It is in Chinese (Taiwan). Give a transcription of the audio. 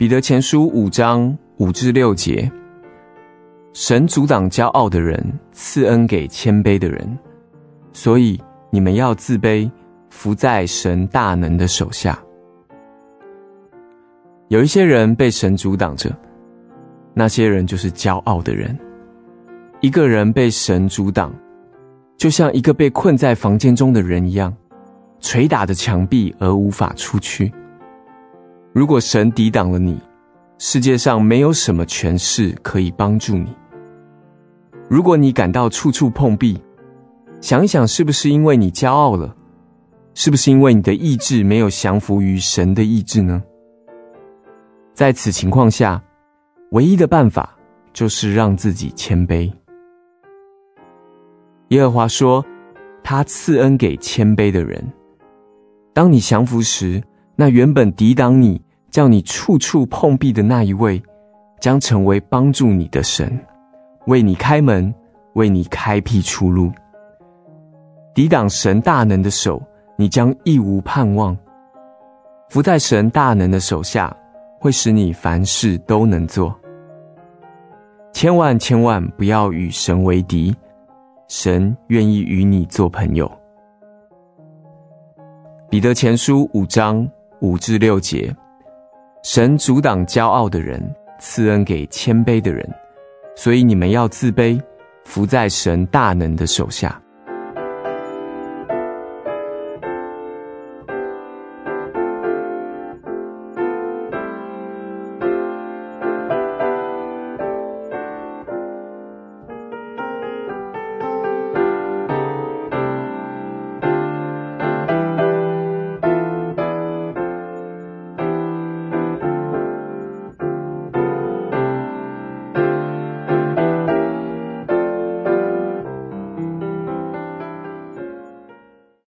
彼得前書五章五至六節：神阻擋驕傲的人，賜恩給謙卑的人。所以你們要自卑，伏在神大能的手下。有一些人被神阻擋着，那些人就是驕傲的人。一個人被神阻擋，就像一個被困在房間中的人一樣，捶打着牆壁而無法出去。如果神抵擋了你，世界上沒有什麼權勢可以幫助你。如果你感到處處碰壁，想一想，是不是因為你驕傲了？是不是因為你的意志沒有降服於神的意志呢？在此情況下，唯一的辦法就是讓自己謙卑。耶和華說：“他賜恩給謙卑的人。”當你降服時，那原本抵擋你，叫你處處碰壁的那一位，將成為幫助你的神，為你開門，為你開闢出路。抵擋神大能的手，你將一無盼望。伏在神大能的手下，會使你凡事都能做。千萬千萬不要與神為敵，神願意與你做朋友。彼得前書五章五至六節。神阻擋驕傲的人，賜恩給謙卑的人，所以你們要自卑，伏在神大能的手下。